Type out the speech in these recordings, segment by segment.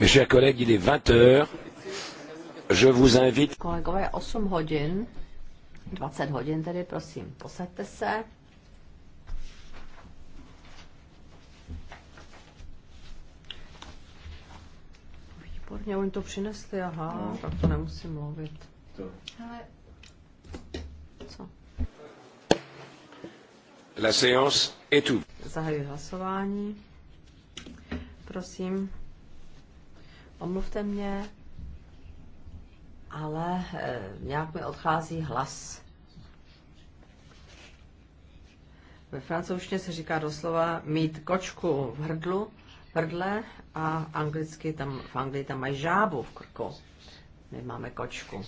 Mes chers collègues, il est 20 heures. Je vous invite... Kolegové, 8 hodin, 20 hodin tedy, prosím, posaďte se. Výborně, oni to přinesli, aha, no. tak to nemusím mluvit. To. Ale... Co? La séance est tout. Zahajuji hlasování. Prosím, omluvte mě, ale eh, nějak mi odchází hlas. Ve francouzštině se říká doslova mít kočku v hrdlu, v hrdle a anglicky tam, v Anglii tam mají žábu v krku. My máme kočku.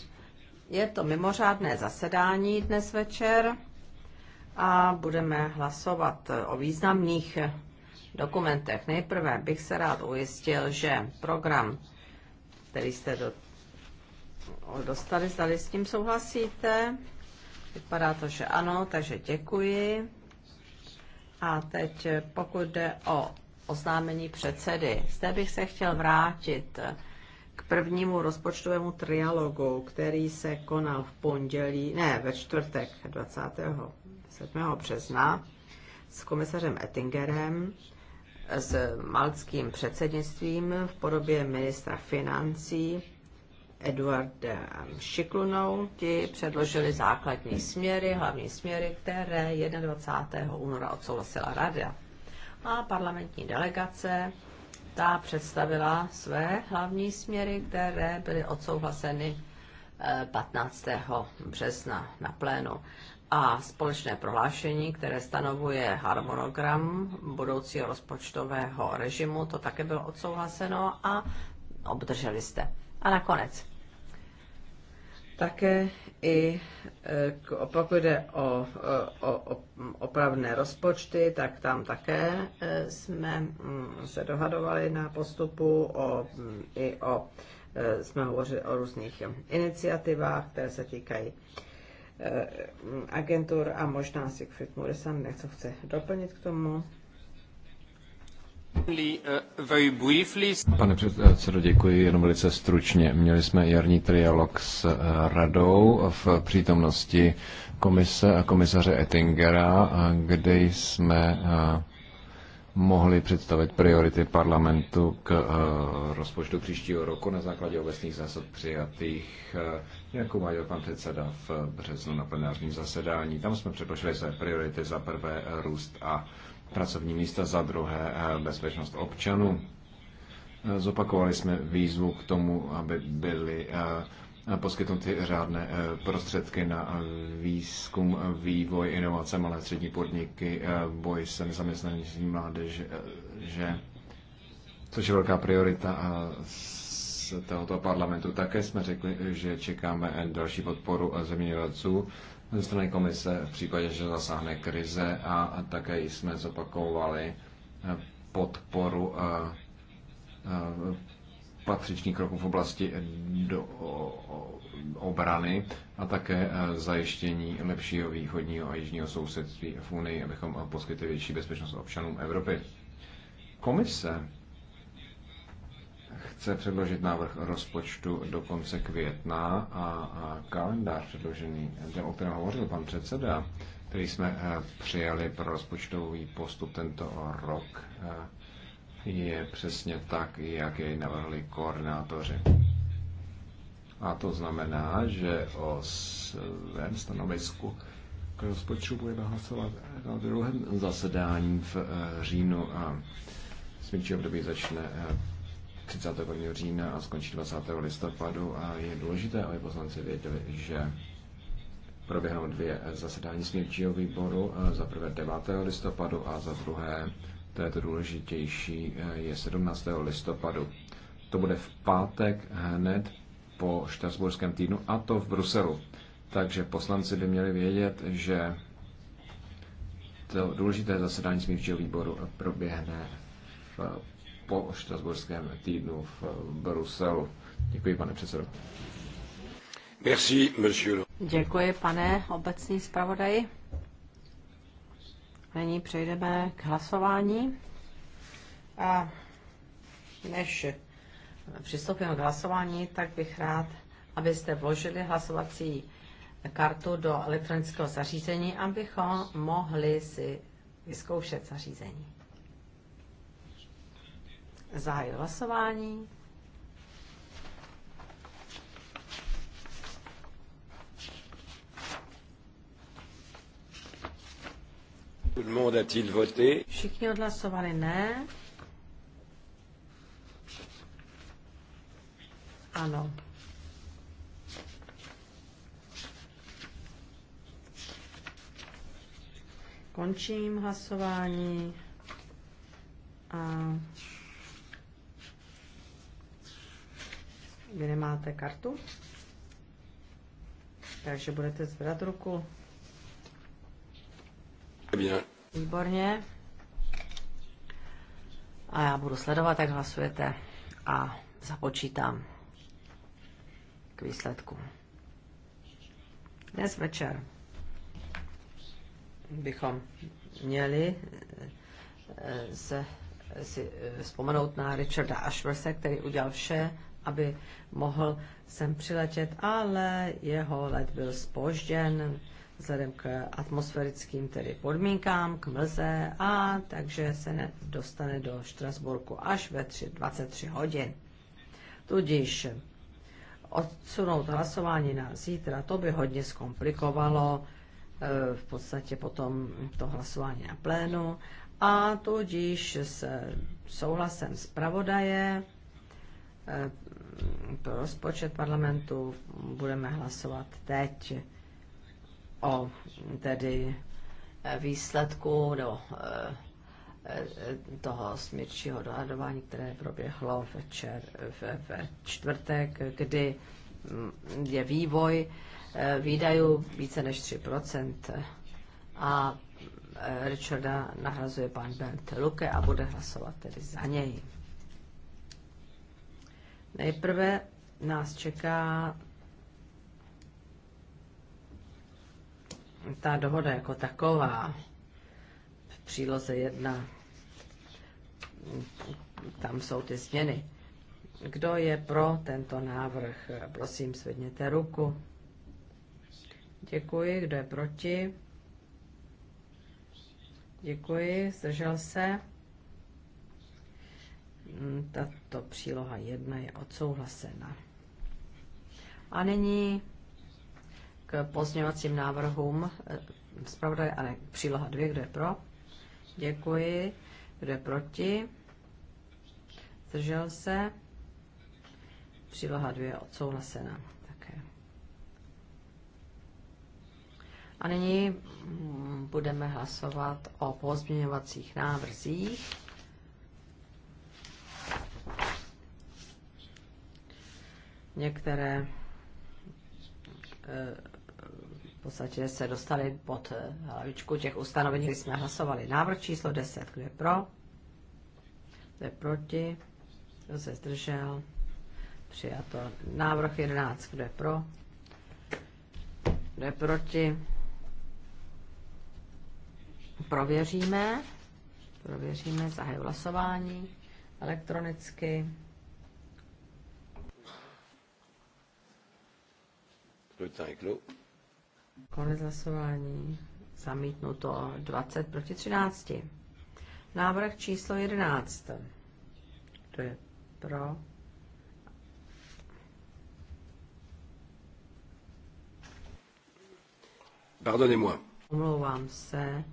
Je to mimořádné zasedání dnes večer a budeme hlasovat o významných dokumentech. Nejprve bych se rád ujistil, že program, který jste do, dostali, zdali s tím souhlasíte. Vypadá to, že ano, takže děkuji. A teď pokud jde o oznámení předsedy, zde bych se chtěl vrátit k prvnímu rozpočtovému trialogu, který se konal v pondělí, ne, ve čtvrtek 27. března s komisařem Ettingerem s maltským předsednictvím v podobě ministra financí Eduardem Šiklunou. Ti předložili základní směry, hlavní směry, které 21. února odsouhlasila rada. A parlamentní delegace ta představila své hlavní směry, které byly odsouhlaseny 15. Eh, března na plénu a společné prohlášení, které stanovuje harmonogram budoucího rozpočtového režimu, to také bylo odsouhlaseno a obdrželi jste. A nakonec také i eh, pokud jde o, eh, o, o opravné rozpočty, tak tam také eh, jsme mm, se dohadovali na postupu o, mm, i o jsme hovořili o různých iniciativách, které se týkají Eh, agentur a možná Siegfried Muresan něco chce doplnit k tomu. Eh, Pane předsedo, děkuji jenom velice stručně. Měli jsme jarní trialog s eh, radou v přítomnosti komise a komisaře Ettingera, kde jsme mohli představit priority parlamentu k rozpočtu příštího roku na základě obecných zásad přijatých jako uváděl pan předseda v březnu na plenárním zasedání. Tam jsme předložili své priority za prvé růst a pracovní místa, za druhé bezpečnost občanů. Zopakovali jsme výzvu k tomu, aby byly eh, poskytnuty řádné eh, prostředky na výzkum, vývoj, inovace, malé střední podniky, eh, boj se nezaměstnaností mládeže, což je velká priorita z tohoto parlamentu. Také jsme řekli, že čekáme další podporu zemědělců ze strany komise v případě, že zasáhne krize a také jsme zopakovali podporu eh, eh, patřičných kroků v oblasti do obrany a také eh, zajištění lepšího východního a jižního sousedství v Unii, abychom poskytli větší bezpečnost občanům Evropy. Komise chce předložit návrh rozpočtu do konce května a, a kalendář předložený, ten, o kterém hovořil pan předseda, který jsme eh, přijali pro rozpočtový postup tento rok, eh, je přesně tak, jak jej navrhli koordinátoři. A to znamená, že o svém stanovisku k rozpočtu budeme hlasovat na druhém zasedání v eh, říjnu a smírčí období začne 30. října a skončí 20. listopadu a je důležité, aby poslanci věděli, že proběhnou dvě zasedání smírčího výboru, za prvé 9. listopadu a za druhé, to je to důležitější, je 17. listopadu. To bude v pátek hned po Štrasburském týdnu a to v Bruselu. Takže poslanci by měli vědět, že to důležité zasedání smírčího výboru proběhne v po štrasburském týdnu v eh, Bruselu. Děkuji, pane předsedo. Merci, monsieur. Děkuji, pane obecní zpravodaji. Nyní přejdeme k hlasování. A než přistoupíme k hlasování, tak bych rád, abyste vložili hlasovací kartu do elektronického zařízení, abychom mohli si vyzkoušet zařízení zahájit hlasování. Všichni odhlasovali ne. Ano. Končím hlasování. A Vy nemáte kartu, takže budete zvedat ruku. Výborně. A já budu sledovat, jak hlasujete a započítám k výsledku. Dnes večer bychom měli eh, se si eh, vzpomenout na Richarda Ashworse, který udělal vše aby mohl sem přiletět, ale jeho let byl spožděn vzhledem k atmosférickým tedy podmínkám, k mlze a takže se nedostane do Štrasburku až ve 3, 23 hodin. Tudíž odsunout hlasování na zítra, to by hodně zkomplikovalo eh, v podstatě potom to hlasování na plénu a tudíž s souhlasem zpravodaje Eh, pro rozpočet parlamentu budeme hlasovat teď o tedy eh, výsledku do eh, toho smírčího dohadování, které proběhlo večer, ve, čtvrtek, kdy mm, je vývoj výdajů více než 3% a Richarda nahrazuje pan Bernd Luke a bude hlasovat tedy za něj. Nejprve nás čeká ta dohoda jako taková v příloze 1. Tam jsou ty změny. Kdo je pro tento návrh? Prosím, svedněte ruku. Děkuji. Kdo je proti? Děkuji. Zdržel se? tato příloha 1 je odsouhlasena. A nyní k pozměňovacím návrhům zpravodaj, ale příloha 2, kdo je pro? Děkuji. Kdo je proti? Zdržel se? Příloha 2 je odsouhlasena také. A nyní budeme hlasovat o pozměňovacích návrzích. některé eh, v podstatě se dostali pod eh, hlavičku těch ustanovení, kdy jsme hlasovali. Návrh číslo 10, kdo je pro, kdo je proti, kdo se zdržel, přijato. Návrh 11, kdo je pro, kdo je proti, prověříme, prověříme, zahaju hlasování elektronicky. Scrutin clos. Konec hlasování. Zamítnuto 20 proti 13. Návrh číslo 11. To je pro? Pardonnez-moi. Omlouvám se.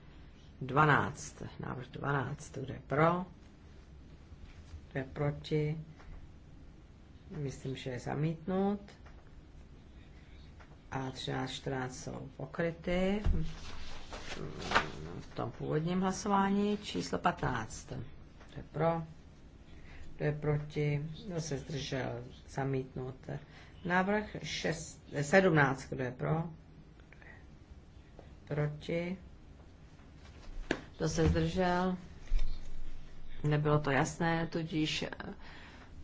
12. Návrh 12. To je pro? To je proti? Myslím, že je zamítnut a 13, 14 jsou pokryty v tom původním hlasování. Číslo 15. To je pro, to je proti, kdo se zdržel, zamítnout Návrh 17, eh, kdo je pro, proti, kdo se zdržel, nebylo to jasné, tudíž eh,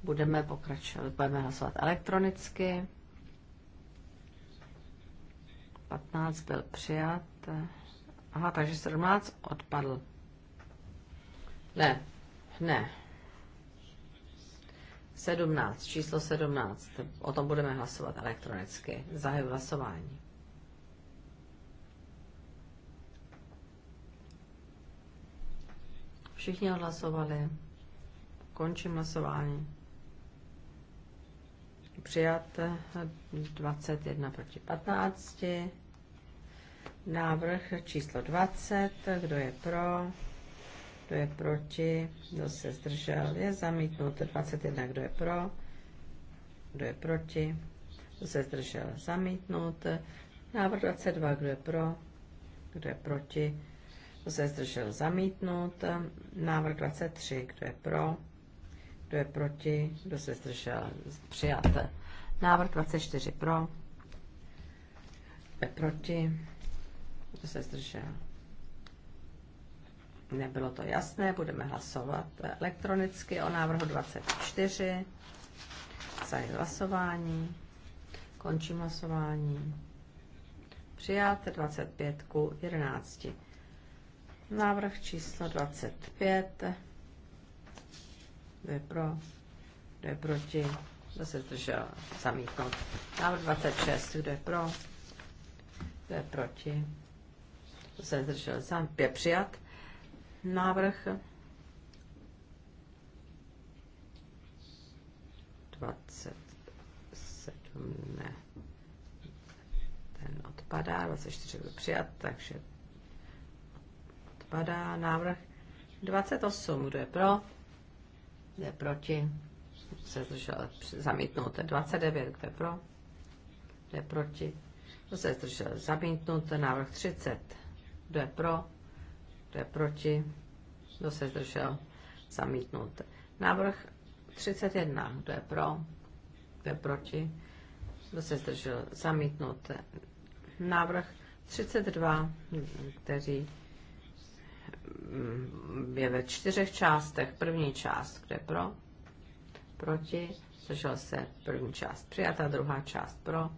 budeme pokračovat, budeme hlasovat elektronicky. 15 byl přijat. Aha, takže 17 odpadl. Ne, ne. 17, číslo 17. O tom budeme hlasovat elektronicky. Zahajuji hlasování. Všichni odhlasovali. Končím hlasování přijat 21 proti 15. Návrh číslo 20, kdo je pro, kdo je proti, kdo se zdržel, je zamítnut 21, kdo je pro, kdo je proti, kdo se zdržel, zamítnut. Návrh 22, kdo je pro, kdo je proti, kdo se zdržel, zamítnut. Návrh 23, kdo je pro, kdo je proti? Kdo se zdržel? Přijáte. Návrh 24 pro. Kdo je proti? Kdo se zdržel? Nebylo to jasné, budeme hlasovat elektronicky o návrhu 24. Zajím hlasování. Končím hlasování. Přijáte 25 ku 11. Návrh číslo 25. Kdo je pro? Kdo je proti? Kdo se zdržel? Zamítnout. Návrh 26. Kdo je pro? Kdo je proti? Kdo se zdržel? Sám je přijat. Návrh 27. Ne. Ten odpadá. 24 byl přijat, takže odpadá návrh 28. Kdo je pro? je proti, se zdržel zamítnut, 29, kde pro, Kde proti, kdo se zdržel zamítnut, návrh 30, kdo je pro, kdo je proti, kdo se zdržel zamítnut. Návrh 31, kdo je pro, kdo je proti, kdo se zdržel zamítnut. Návrh 32, kteří Mm, je ve čtyřech částech. První část, kde pro, proti, zdržel se první část přijata, druhá část pro,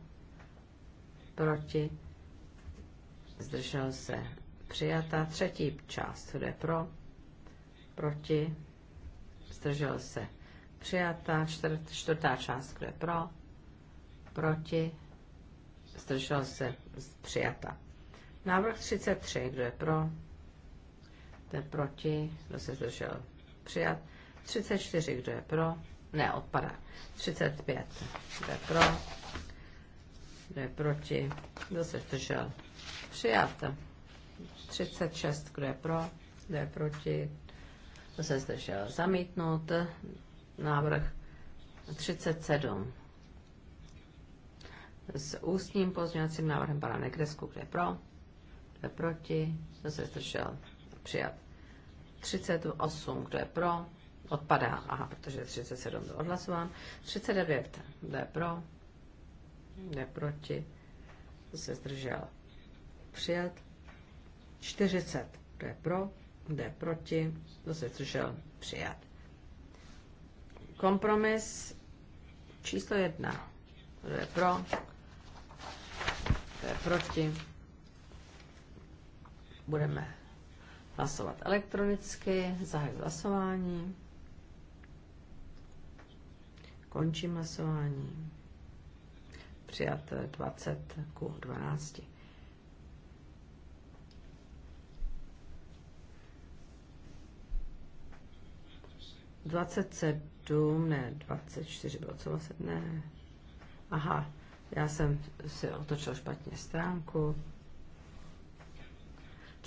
proti, zdržel se přijata, třetí část, kde pro, proti, zdržel se přijata, čtvrt, čtvrtá část, kde pro, proti, zdržel se přijata. Návrh 33, kdo je pro, Jste proti? Kdo se zdržel? Přijat. 34. Kdo je pro? Ne, odpadá. 35. Kdo je pro? Kdo je proti? Kdo se zdržel? Přijat. 36. Kdo je pro? Kdo je proti? Kdo se zdržel? Zamítnout. Návrh 37 s ústním pozměňovacím návrhem pana Negresku, kde pro, kde proti, kdo se zdržel, přijat. 38, kdo je pro, odpadá, aha, protože 37 byl odhlasován. 39, kdo je pro, kdo je proti, se zdržel, přijat. 40, kdo je pro, kdo je proti, kdo se zdržel, přijat. Kompromis číslo jedna. Kdo je pro, kdo je proti, budeme hlasovat elektronicky, zahajuji hlasování, končím hlasování, přijat 20 ku 12. Dvacet sedm, ne, dvacet čtyři bylo co vlastně, ne. Aha, já jsem si otočil špatně stránku.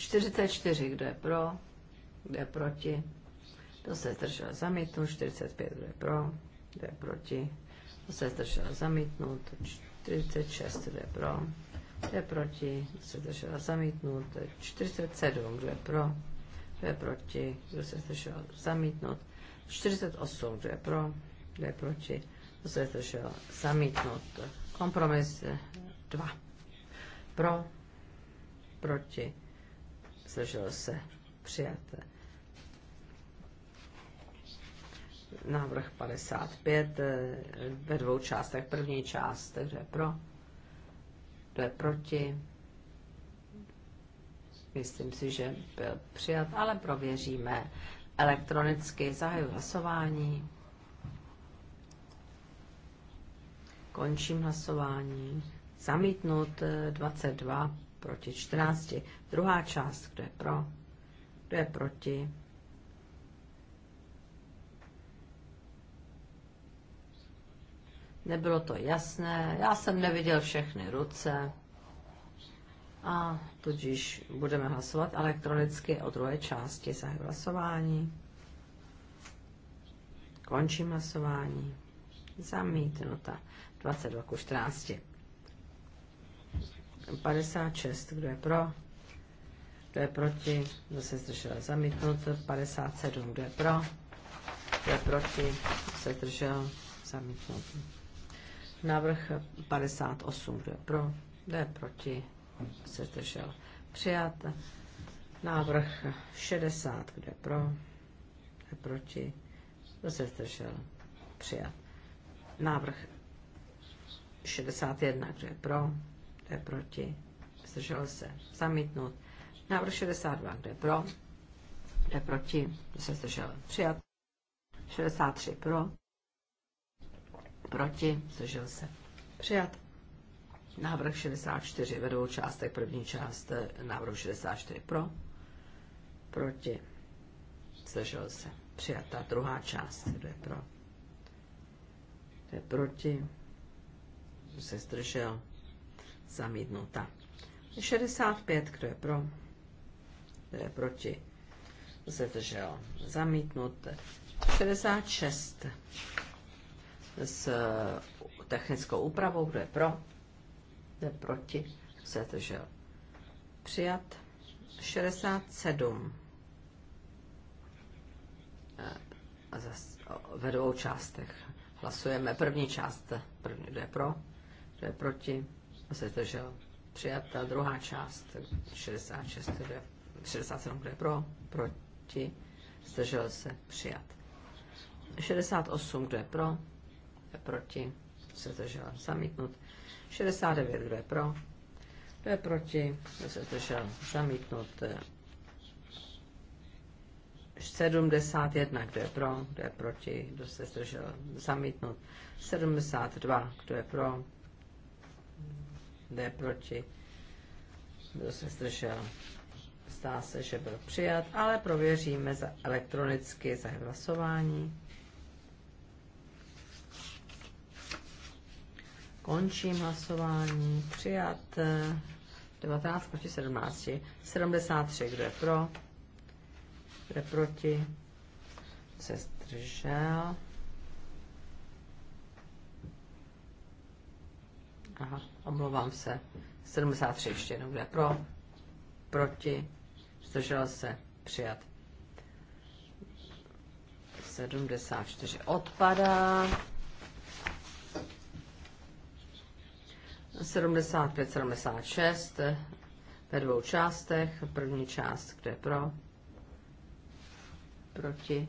44, kdo je pro, kdo je proti, kdo se zdržel zamítnout, 45, kdo je pro, kdo je proti, kdo se zdržel zamítnout, 46, kdo je pro, kdo je proti, kdo se zdržel zamítnout, 47, kdo je pro, kdo je proti, kdo se zdržel zamítnout, 48, kdo je pro, kdo je proti, kdo se zdržel zamítnout, kompromis 2, pro, proti, zdržel se, přijaté. Návrh 55 eh, ve dvou částech. První část, kdo je pro, kdo je proti. Myslím si, že byl přijat, ale prověříme elektronicky. Zahaju hlasování. Končím hlasování. Zamítnut 22 eh, proti 14. Druhá část, kdo je pro, kdo je proti. Nebylo to jasné, já jsem neviděl všechny ruce a tudíž budeme hlasovat elektronicky o druhé části za hlasování. Končím hlasování. Zamítnuta. 22 ku 14. 56, kdo je pro, kdo je proti, kdo se zdržel zamítnut, 57, kdo je pro, kdo je proti, kdo se zdržel zamítnut. Návrh 58, kdo je pro, kdo je proti, kdo se zdržel přijat. Návrh 60, kdo je pro, kdo je proti, kdo se zdržel přijat. Návrh 61, kdo je pro, kdo je proti, zdržel se, zamítnut. Návrh 62, kdo je pro, kdo je proti, kdo se zdržel, přijat. 63 pro, proti, zdržel se, přijat. Návrh 64 ve dvou částech, první část eh, návrhu 64 pro, proti, zdržel se, přijat. Ta druhá část, kdo je pro, kdo je proti, kdo se zdržel, zamítnuta. 65, kdo je pro, kdo je proti, zdržel, zamítnut. 66 s eh, technickou úpravou, kdo je pro, kdo je proti, zdržel, přijat. 67 eh, a zase ve dvou částech. Hlasujeme první část, první, kdo je pro, kdo je proti, se zdržel ta druhá část, 66, 67, kde je pro, proti, zdržel se přijat. 68, kdo je pro, je proti, se zdržel zamítnut. 69, kdo je pro, kdo je proti, kdo se zdržel zamítnut. 71, kdo je pro, kdo je proti, kdo se zdržel zamítnut. 72, kdo je pro, jde proti, kdo se zdržel. Zdá se, že byl přijat, ale prověříme za elektronicky za hlasování. Končím hlasování. Přijat 19 eh, proti 17. 73, kdo je pro? Kdo je proti? Se zdržel. Aha, omlouvám se, 73 ještě jednou, kde pro, proti, zdržel se, přijat. 74 odpadá. 75, 76 ve dvou částech. První část, kde pro, proti,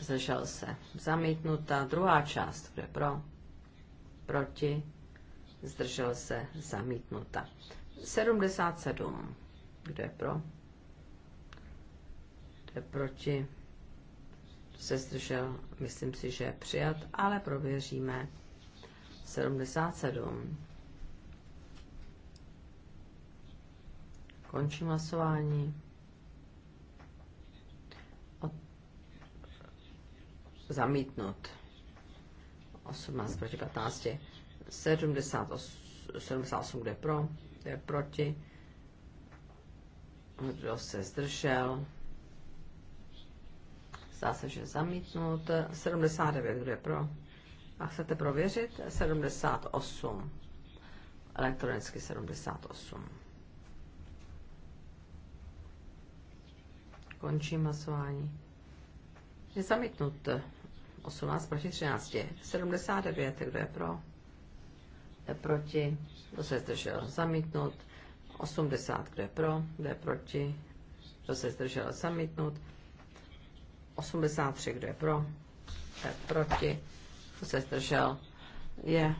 zdržel se, zamítnutá. Druhá část, kde pro, proti, zdržel se, zamítnuta. 77. Kdo je pro? Kdo je proti? se zdržel? Myslím si, že je přijat, ale prověříme. 77. Končím hlasování. Od... Zamítnut. 18 proti 15. 78, 78 kde pro, kde proti, kdo se zdržel, zdá se, že zamítnut, 79 kde pro. A chcete prověřit? 78, elektronicky 78. Končím hlasování. Je zamítnut 18 proti 13. 79, kdo je pro? proti, kdo se zdržel, zamítnut, 80, kdo je pro, kdo je proti, kdo se zdržel, zamítnut, 83, kdo je pro, kdo je proti, kdo se zdržel, je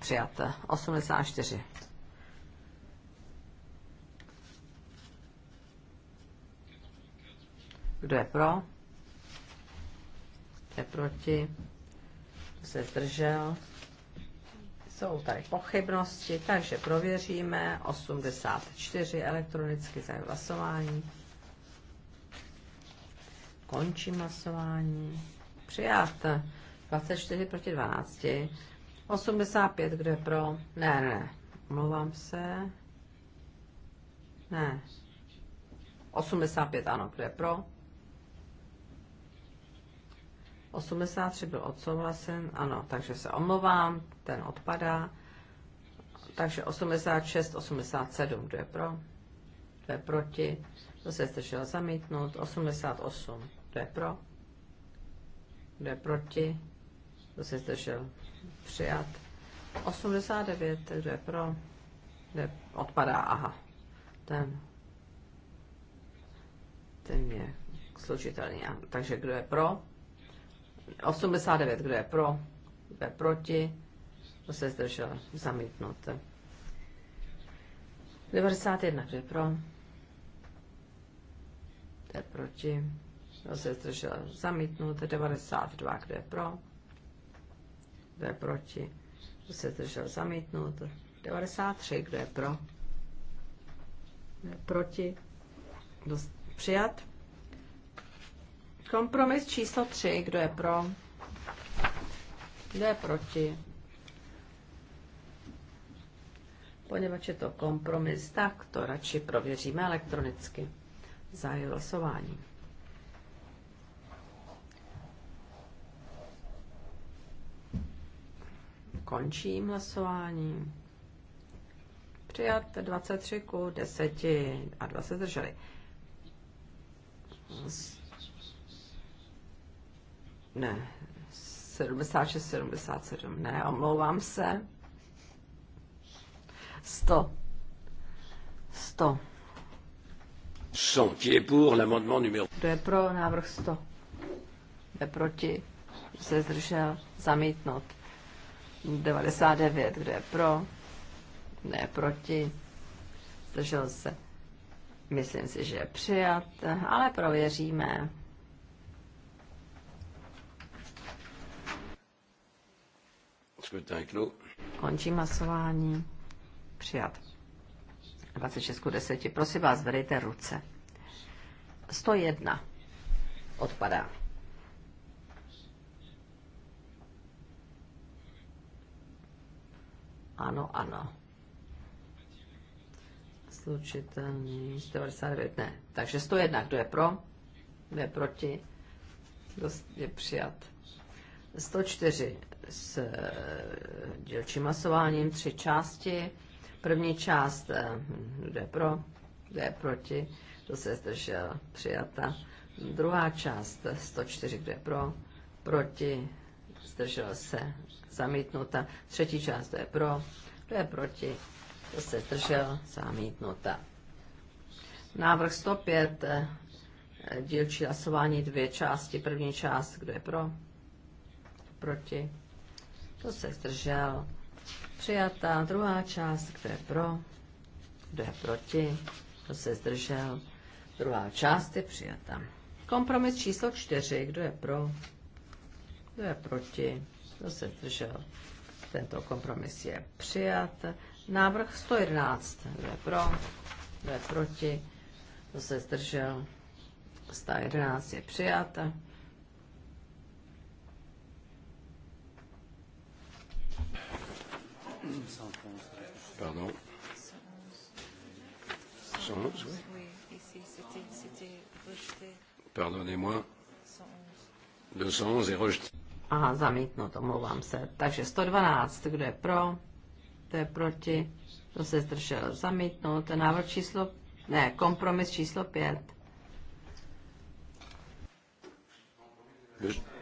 přijat 84. Kdo je pro? Kdo je proti? Kdo se zdržel? Jsou tady pochybnosti, takže prověříme 84 elektronicky za hlasování. Končím hlasování. Přijat 24 proti 12. 85, kde je pro? Ne, ne, omlouvám se. Ne. 85, ano, kde je pro? 83 byl odsouhlasen, ano, takže se omlouvám, ten odpadá. Takže 86, 87, kdo je pro? Kdo je proti? To se zdržel zamítnout? 88, kdo je pro? Kdo je proti? To se zdržel přijat? 89, kdo je pro? Kdo je, odpadá, aha. Ten, ten je složitelný. Takže kdo je pro? 89, kdo je pro, kdo je proti, kdo se zdržel, zamítnut. 91, kdo je pro, kdo je proti, kdo se zdržel, zamítnut. 92, kdo je pro, kdo je proti, kdo se zdržel, zamítnut. 93, kdo je pro, kdo je proti, kdo přijat. Kompromis číslo 3. Kdo je pro? Kdo je proti? Poněvadž je to kompromis, tak to radši prověříme elektronicky. Zahajuji hlasování. Končím hlasování. Přijat 23 ku 10 a 20 drželi ne, 76, 77, ne, omlouvám se. 100. 100. 100. Qui est pour l'amendement numéro... Kdo je pro návrh 100? Kdo je proti? Kdo se zdržel? Zamítnout. 99. Kdo je pro? Ne proti? Zdržel se. Myslím si, že je přijat, ale prověříme. No. Končím hlasování. Přijat. 26 k 10. Prosím vás, zvedejte ruce. 101 odpadá. Ano, ano. Slučitelný 99. ne. Takže 101, kdo je pro, kdo je proti, kdo je přijat. 104 s eh, dělčím hlasováním, tři části. První část, eh, kdo je pro, kdo je proti, to se zdržel, přijata. Druhá část, 104, kdo je pro, proti, zdržel se, zamítnuta. Třetí část, kdo je pro, kdo je proti, to se zdržel, zamítnuta. Návrh 105, eh, dílčí hlasování, dvě části. První část, kdo je pro, proti, kdo se zdržel, přijatá druhá část, kdo je pro, kdo je proti, kdo se zdržel, druhá část je přijata. Kompromis číslo čtyři, kdo je pro, kdo je proti, kdo se zdržel, tento kompromis je přijat. Návrh 111, kdo je pro, kdo je proti, kdo se zdržel, 111 je přijat. Pardon. 111, oui. Pardonnez-moi. 211 je rejeté. Aha, zamítnout, omlouvám se. Takže 112, kdo je pro, kdo je proti, kdo se zdržel, zamítnout. Návrh číslo, ne, kompromis číslo 5. Just.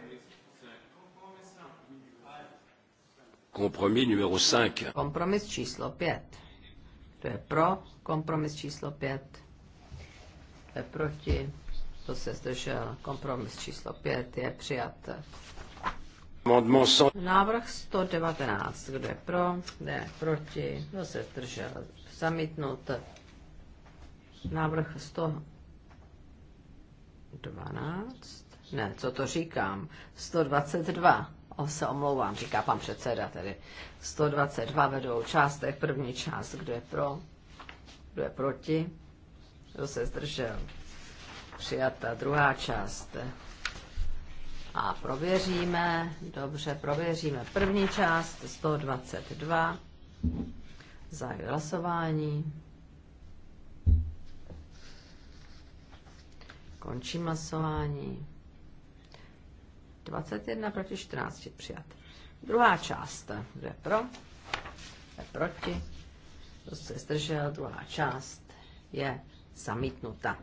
Kompromis numéro 5. Kompromis číslo 5. To je pro kompromis číslo 5. To je proti. To se zdržel. Kompromis číslo 5 je přijat. Návrh 119. Kdo je pro? Kdo je proti? Kdo se zdržel? Zamítnut. Návrh 112. Ne, co to říkám? 122. O, se omlouvám, říká pan předseda, tedy 122 vedou dvou částech. První část, kdo je pro, kdo je proti, kdo se zdržel. Přijata druhá část. A prověříme, dobře, prověříme první část, 122, za hlasování. Končím hlasování. 21 proti 14 přijat. Druhá část. Kdo je pro? je proti? Kdo se zdržel? Druhá část je zamítnuta.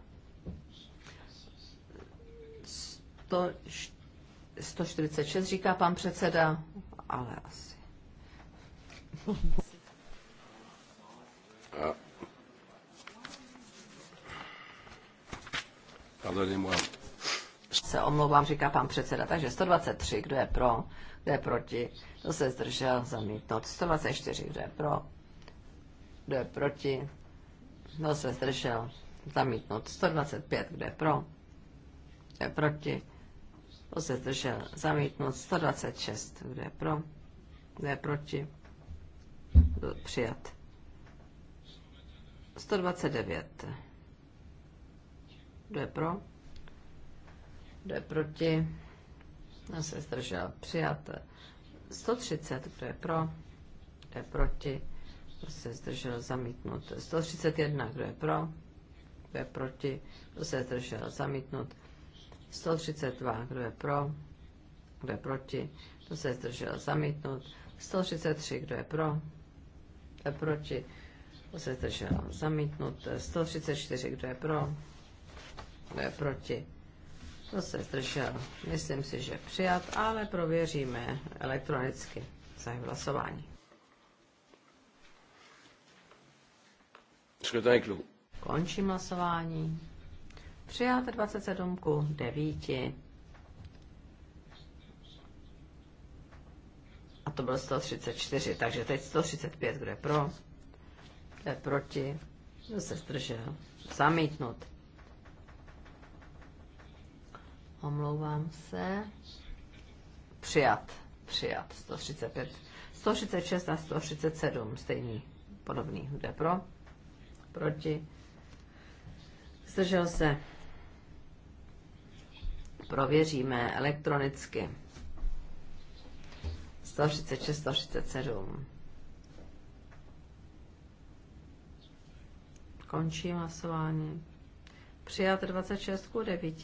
146 říká pan předseda, ale asi. Pardonnez-moi se omlouvám, říká pan předseda. Takže 123, kdo je pro, kdo je proti, kdo se zdržel, zamítnout. 124, kdo je pro, kdo je proti, kdo se zdržel, zamítnout. 125, kdo je pro, kdo je proti, kdo se zdržel, zamítnout. 126, kdo je pro, kdo je proti, kdo přijat. 129. Kdo je pro? kdo je proti, kdo se zdržel, přijat. 130, kdo je pro, kdo je proti, kdo se zdržel, zamítnut. 131, kdo je pro, kdo je proti, kdo se zdržel, zamítnut. 132, kdo je pro, kdo je proti, kdo se zdržel, zamítnut. 133, kdo je pro, kdo je proti, kdo se zdržel, zamítnut. 134, kdo je pro, kdo je proti, kdo se zdržel? Myslím si, že přijat, ale prověříme elektronicky. za hlasování. Končím hlasování. Přijat 27 ku 9. A to bylo 134, takže teď 135, kdo je pro, kdo je proti, kdo se zdržel, zamítnut. Omlouvám se. Přijat. Přijat. 135. 136 a 137. Stejný. Podobný. Kde pro? Proti. Zdržel se. Prověříme elektronicky. 136, 137. Končím hlasování. Přijat 26 ku 9.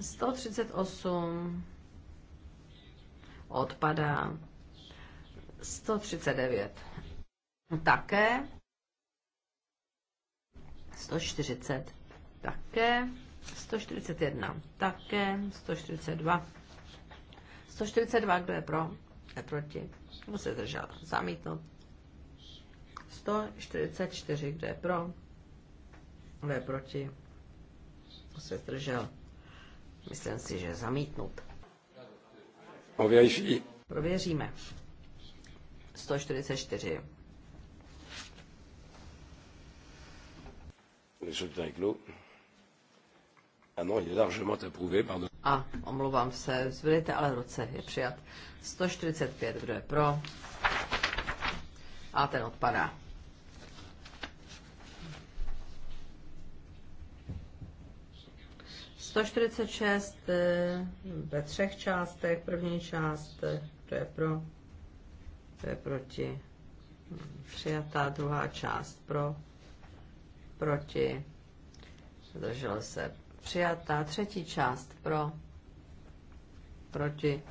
138 odpadá. 139 také. 140 také. 141 také. 142. 142, kdo je pro? Je proti. Kdo se držel? Zamítnout. 144, kdo je pro? Kdo je proti? Kdo se Myslím si, že zamítnut. Ověří. Prověříme. 144. Ah pardon. A, omlouvám se, zvedejte ale ruce, je přijat. 145, kdo je pro? A ten odpadá. 146 eh, ve třech částech. První část, eh, to je pro, to je proti. Přijatá druhá část pro, proti. Zdržel se. Přijatá třetí část pro, proti.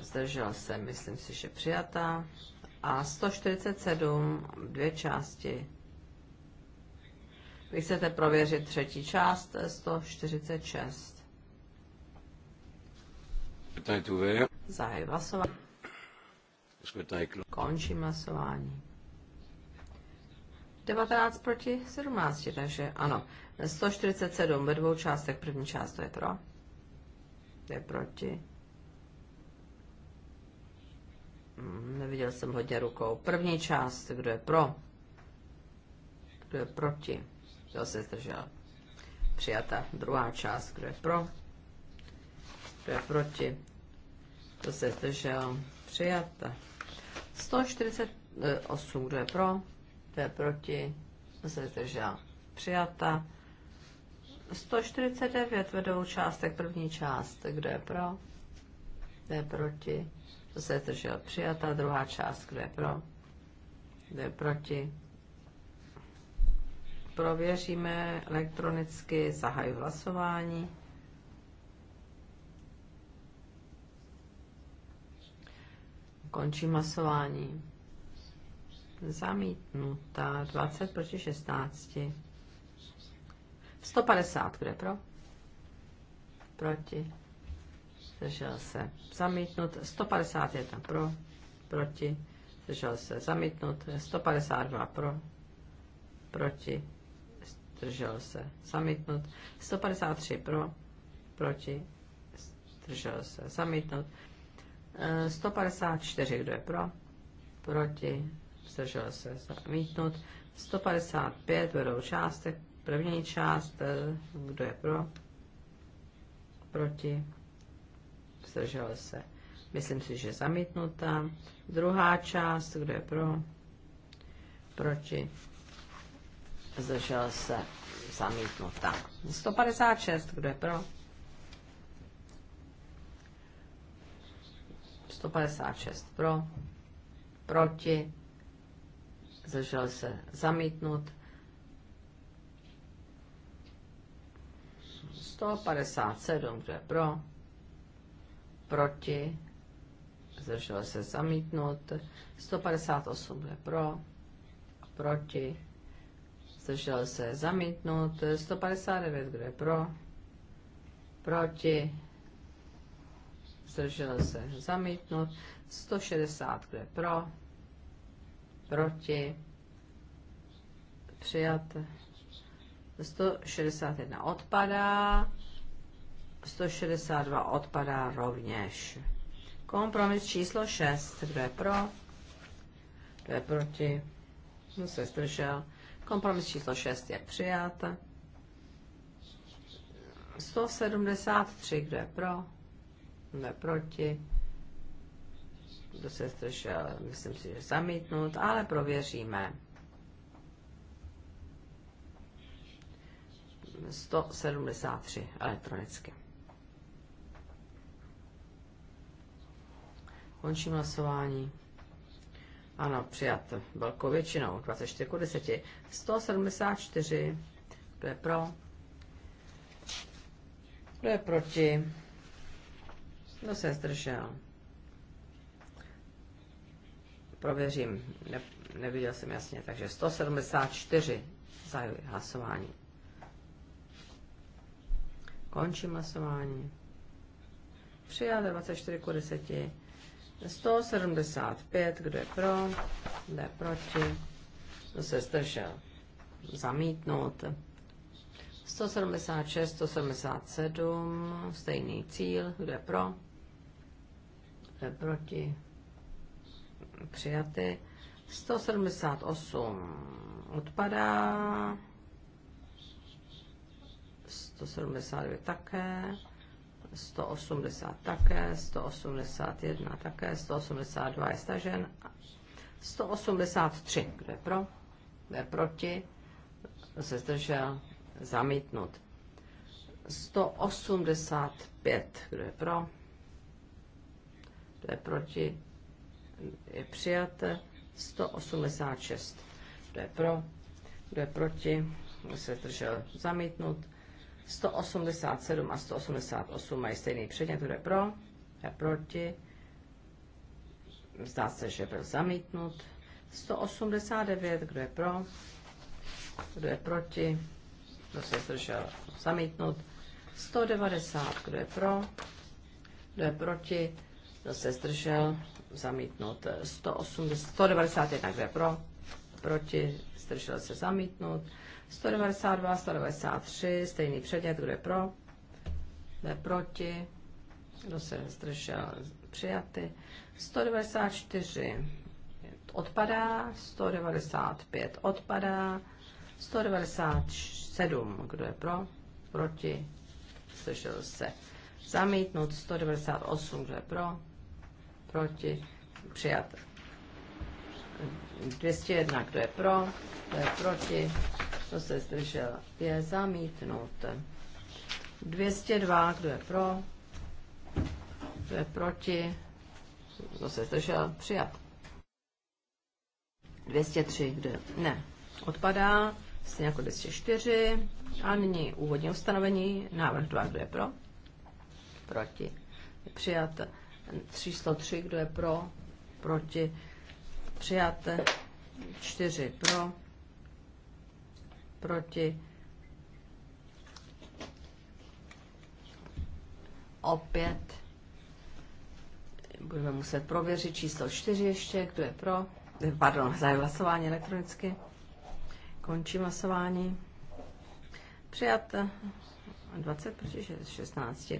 Zdržel se, myslím si, že přijatá. A 147 dvě části vy chcete prověřit třetí část 146. Eh, Zahaj hlasování. Končím hlasování. 19 proti 17, takže ano. 147 ve dvou částech. První část to je pro. je proti. Mm, neviděl jsem hodně rukou. První část, kdo je pro, kdo je proti kdo se zdržel. Přijata druhá část, kdo je pro, kdo je proti, kdo se zdržel. Přijata. 148, kdo je pro, kdo je proti, kdo se zdržel. Přijata. 149 vedou částek, první část, kdo je pro, kdo je proti, kdo se zdržel. Přijata druhá část, kdo je pro, kdo je proti, Prověříme elektronicky, zahaju hlasování. Končím hlasování. Zamítnuta 20 proti 16. 150, kde pro? Proti. Zdržel se. Zamítnut. 151 pro. Proti. Zdržel se. Zamítnut. 152 pro. Proti zdržel se, zamítnut. 153 pro, proti, zdržel se, zamítnut. 154, e, kdo je pro, proti, zdržel se, zamítnut. 155 vedou částek, první část, e, kdo je pro, proti, zdržel se. Myslím si, že zamítnutá. Druhá část, kdo je pro, proti, zdržel se zamítnuta. 156, kdo je pro? 156 pro, proti, zdržel se zamítnut. 157, kdo je pro, proti, zdržel se zamítnut. 158, kdo je pro, proti, zdržel se zamítnut, 159, kdo je pro, proti, zdržel se zamítnut, 160, kdo je pro, proti, přijat, 161 odpadá, 162 odpadá rovněž. Kompromis číslo 6, kdo je pro, kdo je proti, No se zdržel, Kompromis číslo 6 je přijat. 173, kdo je pro, kdo je proti, kdo se zdržel, myslím si, že zamítnut, ale prověříme. 173 elektronicky. Končím hlasování. Ano, přijat velkou většinou, 24 ku 10. 174, kdo je pro? Kdo je proti? Kdo se zdržel? Prověřím, ne, neviděl jsem jasně, takže 174 zahajuji hlasování. Končím hlasování. Přijat 24 ku 10. 175, kdo je pro, kdo je proti, kdo se zdržel, zamítnout. 176, 177, stejný cíl, kdo je pro, kdo je proti, přijaty. 178 odpadá, 179 také, 180 také, 181 také, 182 je stažen, 183, kdo je pro, kdo je proti, se zdržel, zamítnut. 185, kdo je pro, kdo je proti, je přijat, 186, kdo je pro, kdo je proti, se zdržel, zamítnut, 187 a 188 mají stejný předmět, kdo je pro, je proti. Zdá se, že byl zamítnut. 189, kdo je pro, kdo je proti, kdo se zdržel zamítnut. 190, kdo je pro, kdo je proti, kdo se zdržel zamítnut. 180, 191, kdo je pro, proti, zdržel se zamítnout. 192, 193, stejný předmět, kdo je pro, kdo je proti, kdo se zdržel, přijaty. 194 odpadá, 195 odpadá, 197, kdo je pro, proti, zdržel se. Zamítnut 198, kdo je pro, proti, přijat. 201, kdo je pro, kdo je proti, co se zdržel, je zamítnout. 202, kdo je pro, kdo je proti, kdo se zdržel, přijat. 203, kdo je, ne, odpadá, stejně jako 204. A nyní úvodní ustanovení, návrh 2, kdo je pro, proti, je přijat. 303, kdo je pro, proti, přijat. 4 pro, proti. Opět budeme muset prověřit číslo 4 ještě, kdo je pro. Eh, Pardon, zahajuji hlasování elektronicky. Končím hlasování. Přijat 20 eh, proti 16.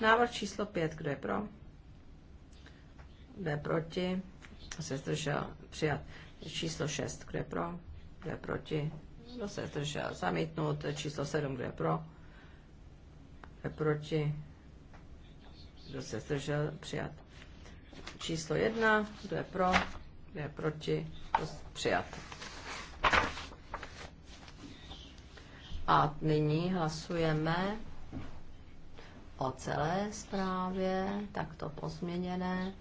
Návrh číslo 5, kdo je pro? Kdo je proti? Se zdržel přijat. Číslo 6, kdo je pro? Kdo je proti? Kdo se zdržel? Zamítnut. Číslo 7, kdo je pro? Kdo je proti? Kdo se zdržel? Přijat. Číslo 1, kdo je pro? Kdo je proti? Kdo přijat. A nyní hlasujeme o celé zprávě, takto pozměněné,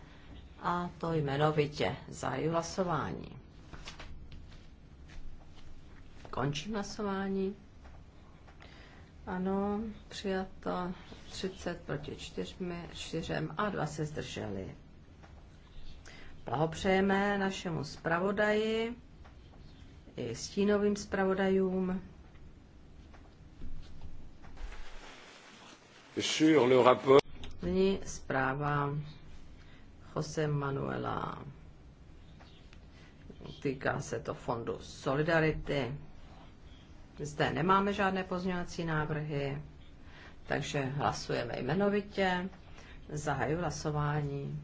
a to jmenovitě za hlasování. Končím hlasování. Ano, přijato 30 proti 4, 4 a 2 se zdrželi. Blahopřejeme našemu zpravodaji i stínovým zpravodajům. Sur le rapport. Nyní zpráva Jose Manuela. Týká se to fondu Solidarity. Zde nemáme žádné pozměňovací návrhy, takže hlasujeme jmenovitě. Zahaju hlasování.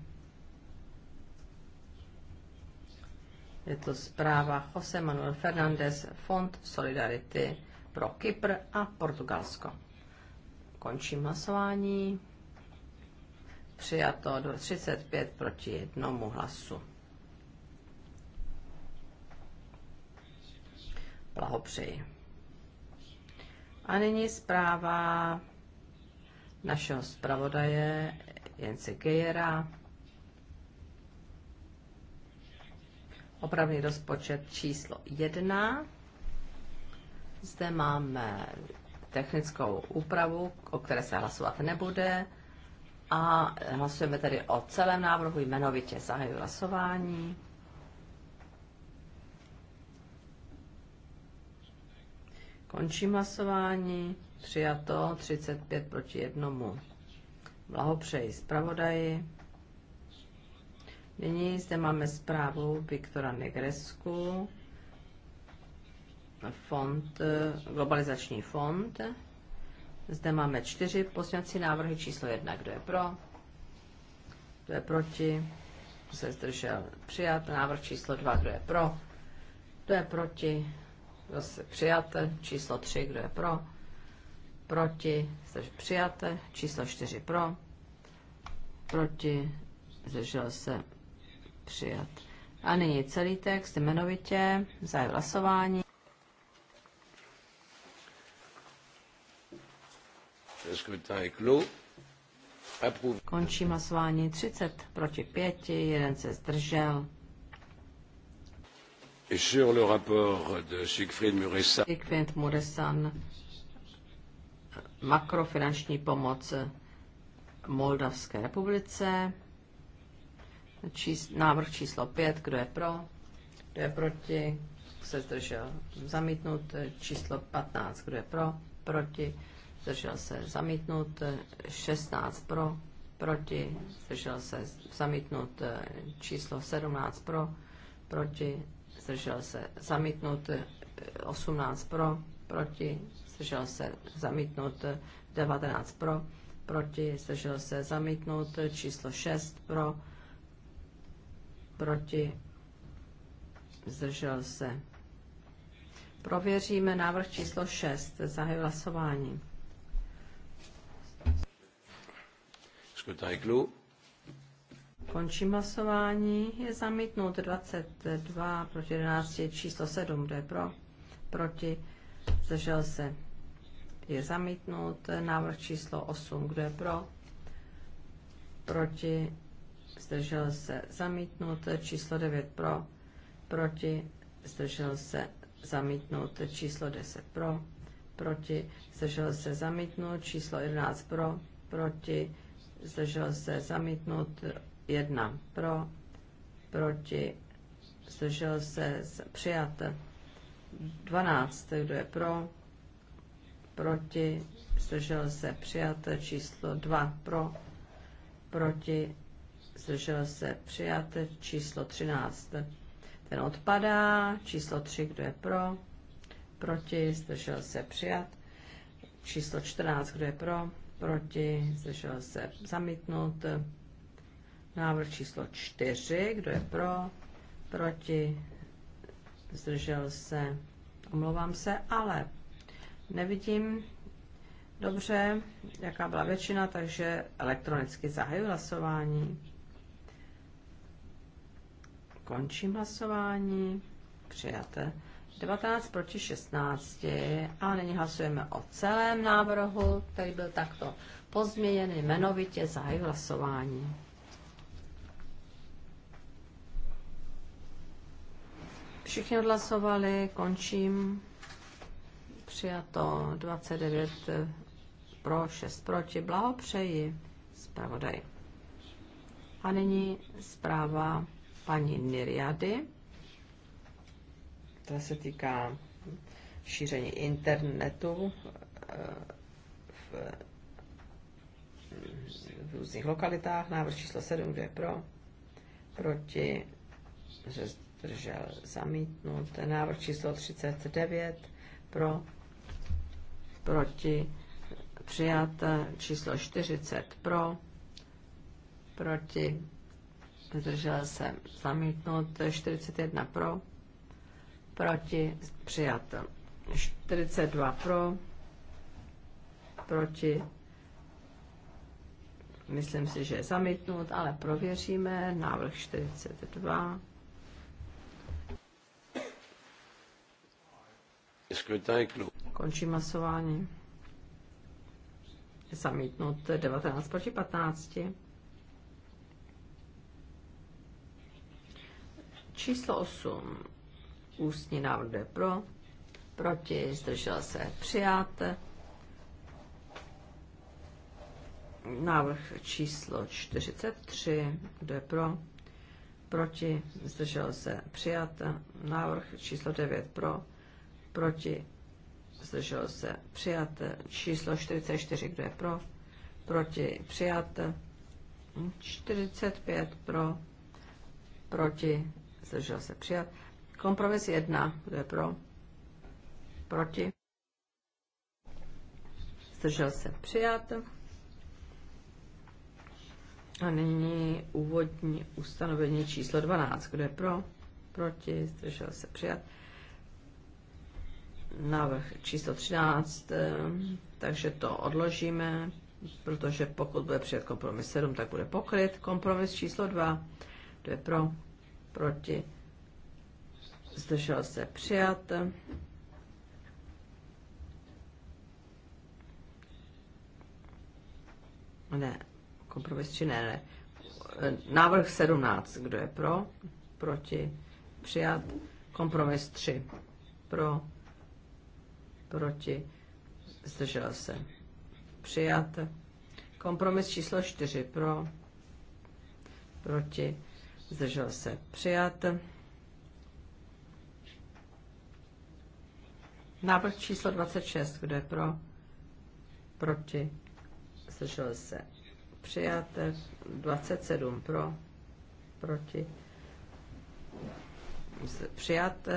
Je to zpráva Jose Manuel Fernández, Fond Solidarity pro Kypr a Portugalsko. Končím hlasování. Přijato do 35 proti jednomu hlasu. Blahopřeji. A nyní zpráva našeho zpravodaje Jence Kejera. Opravný rozpočet číslo 1. Zde máme technickou úpravu, o které se hlasovat nebude. A hlasujeme tedy o celém návrhu jmenovitě. Zahajuji hlasování. Končím hlasování. Přijato 35 proti jednomu. Blahopřeji zpravodaji. Nyní zde máme zprávu Viktora Negresku, fond, globalizační fond. Zde máme čtyři posňací návrhy. Číslo jedna, kdo je pro, kdo je proti, kdo se zdržel přijat. Návrh číslo dva, kdo je pro, kdo je proti, kdo se přijate, číslo 3, kdo je pro, proti, zdržel přijate, číslo 4 pro, proti, zdržel se přijat. A nyní celý text jmenovitě, zájem hlasování. Končím hlasování 30 proti 5, jeden se zdržel sur le rapport de Siegfried Muresan, Siegfried Muresan makrofinanční pomoc Moldavské republice, čís, návrh číslo 5, kdo je pro, kdo je proti, se zdržel zamítnut, číslo 15, kdo je pro, proti, zdržel se zamítnut, 16 pro, proti, zdržel se zamítnut, číslo 17 pro, proti, zdržel se zamítnut, 18 pro, proti, zdržel se zamítnut, 19 pro, proti, zdržel se zamítnut, číslo 6 pro, proti, zdržel se. Prověříme návrh číslo 6, zahajuji hlasování. Skutajklu. Končím hlasování. Je zamítnut 22 proti 11, číslo 7, kdo je pro, proti, zdržel se. Je zamítnut návrh číslo 8, kdo je pro, proti, zdržel se. Zamítnut číslo 9 pro, proti, zdržel se. Zamítnut číslo 10 pro, proti, zdržel se. Zamítnut číslo 11 pro, proti, zdržel se. Zamítnut 1 pro, proti, zdržel se přijat. 12, kdo je pro, proti, zdržel se přijat. Číslo 2 pro, proti, zdržel se přijat. Číslo 13, ten odpadá. Číslo 3, kdo je pro, proti, zdržel se přijat. Číslo 14, kdo je pro, proti, zdržel se zamítnout. Návrh číslo 4. Kdo je pro? Proti? Zdržel se? Omlouvám se, ale nevidím dobře, jaká byla většina, takže elektronicky zahajuji hlasování. Končím hlasování. Přijaté. 19 proti 16 a nyní hlasujeme o celém návrhu, který byl takto pozměněn jmenovitě zahajuji hlasování. Všichni odhlasovali, končím. Přijato 29 eh, pro, 6 proti. Blahopřeji zpravodaj. A nyní zpráva paní Niriady. To se týká šíření internetu eh, v, v různých lokalitách. Návrh číslo 7, kde je pro, proti, že zdržel zamítnut. Návrh číslo 39 pro, proti, přijat. Číslo 40 pro, proti, zdržel se zamítnut. 41 pro, proti, přijat. 42 pro, proti, myslím si, že je zamítnut, ale prověříme. Návrh 42. Končím hlasování. Je Zamítnut 19 proti 15. Číslo 8. Ústní návrh je pro, proti, zdržel se, přijat. Návrh číslo 43, kdo je pro, proti, zdržel se, přijat. Návrh číslo 9 pro, proti, zdržel se, přijat. Číslo 44, kdo je pro, proti, přijat. 45 pro, proti, zdržel se, přijat. Kompromis 1, kdo je pro, proti, zdržel se, přijat. A nyní úvodní ustanovení číslo 12, kdo je pro, proti, zdržel se, přijat návrh číslo 13, eh, takže to odložíme, protože pokud bude přijat kompromis 7, tak bude pokryt. Kompromis číslo 2, to je pro, proti, zdržel se přijat. Ne, kompromis či ne, ne. Návrh 17, kdo je pro, proti, přijat. Kompromis 3, pro, proti, zdržel se. Přijat. Kompromis číslo 4 pro, proti, zdržel se. Přijat. Návrh číslo 26, kdo je pro, proti, zdržel se. Přijat. 27 pro, proti, přijat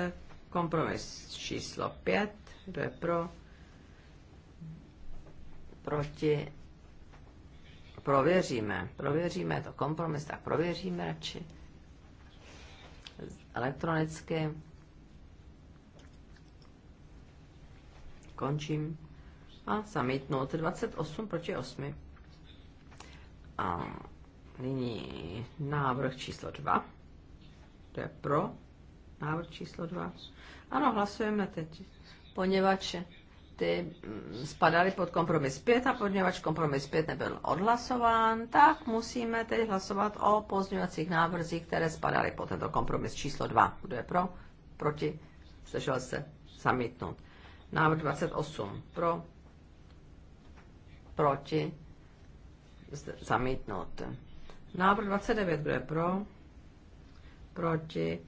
kompromis číslo 5 kdo je pro? Proti? Prověříme. Prověříme, je to kompromis, tak prověříme radši. Elektronicky. Končím. A zamítnout 28 proti 8. A nyní návrh číslo 2. To je pro návrh číslo 2. Ano, hlasujeme teď poněvadž ty mm, spadaly pod kompromis 5 a poněvadž kompromis 5 nebyl odhlasován, tak musíme tedy hlasovat o pozměňovacích návrzích, které spadaly pod tento kompromis číslo 2. Kdo je pro? Proti? Slyšel se? Zamítnout. Návrh 28. Pro? Proti? Zamítnout. Návrh 29. Kdo je pro? Proti?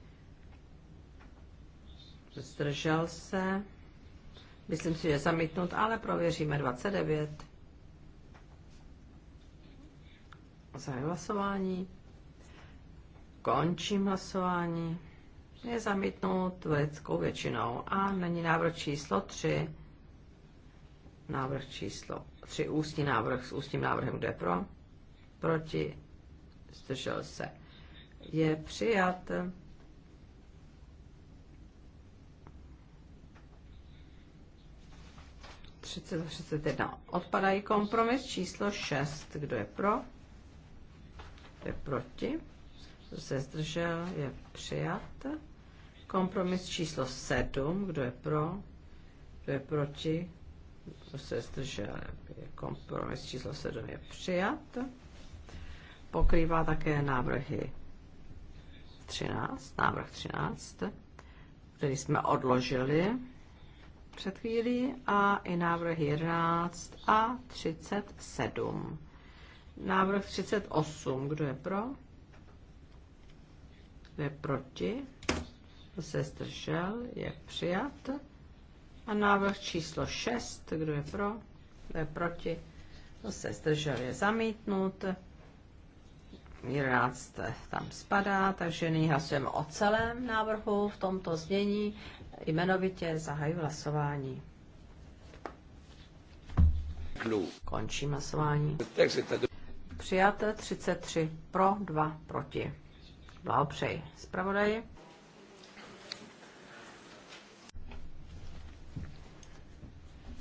Zdržel se? Myslím si, že zamítnut, ale prověříme 29. Zahajuji hlasování. Končím hlasování. Je zamítnut lidskou většinou. A není návrh číslo 3. Návrh číslo 3. Ústní návrh s ústním návrhem. kde pro? Proti? Zdržel se. Je přijat. 30 31 odpadají. Kompromis číslo 6. Kdo je pro? Kdo je proti? Kdo se zdržel? Je přijat. Kompromis číslo 7. Kdo je pro? Kdo je proti? Kdo se zdržel? Kompromis číslo 7 je přijat. Pokrývá také návrhy 13, návrh 13, který jsme odložili před chvílí a i návrh 11 a 37. Návrh 38. Kdo je pro? Kdo je proti? Kdo se zdržel? Je přijat. A návrh číslo 6. Kdo je pro? Kdo je proti? Kdo se zdržel? Je zamítnut. 11 tam spadá, takže nyní hlasujeme o celém návrhu v tomto znění jmenovitě zahajuji hlasování. Končím hlasování. Přijaté 33 pro, 2 proti. Blahopřeji. Zpravodaji.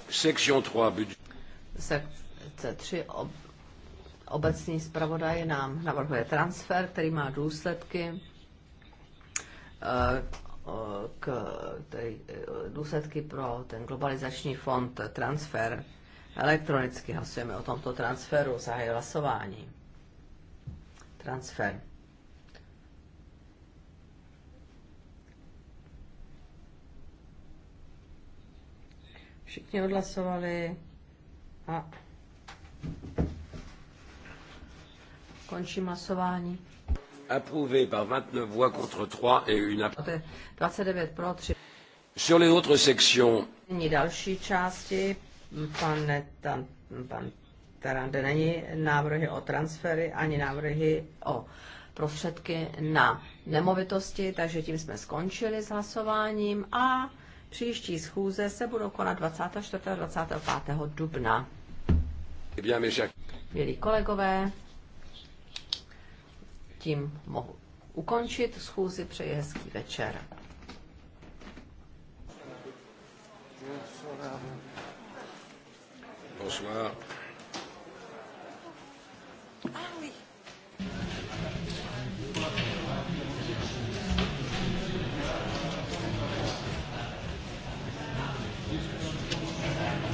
Section 3 budget. Sekce 3 ob, obecní zpravodaj nám navrhuje transfer, který má důsledky eh, Eh, k tedy, eh, důsledky pro ten globalizační fond transfer. Elektronicky hlasujeme o tomto transferu, zahají hlasování. Transfer. Všichni odhlasovali a končím hlasování approuvé par 29 voix contre 3 et une 29 pro, 3. Sur les autres sections. další části. Pan, tam, pan Tarande není návrhy o transfery ani návrhy o prostředky na nemovitosti, takže tím jsme skončili s hlasováním a příští schůze se budou konat 24. a 25. dubna. Eh Milí kolegové, tím mohu ukončit schůzi. Přeji hezký večer. Bonsoir. Ah oui.